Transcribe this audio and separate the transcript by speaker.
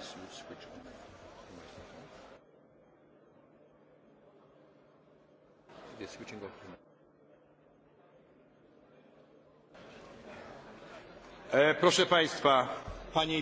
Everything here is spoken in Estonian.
Speaker 1: is you switch on the microphone.
Speaker 2: The switching of the
Speaker 3: Proszę Państwa, Panie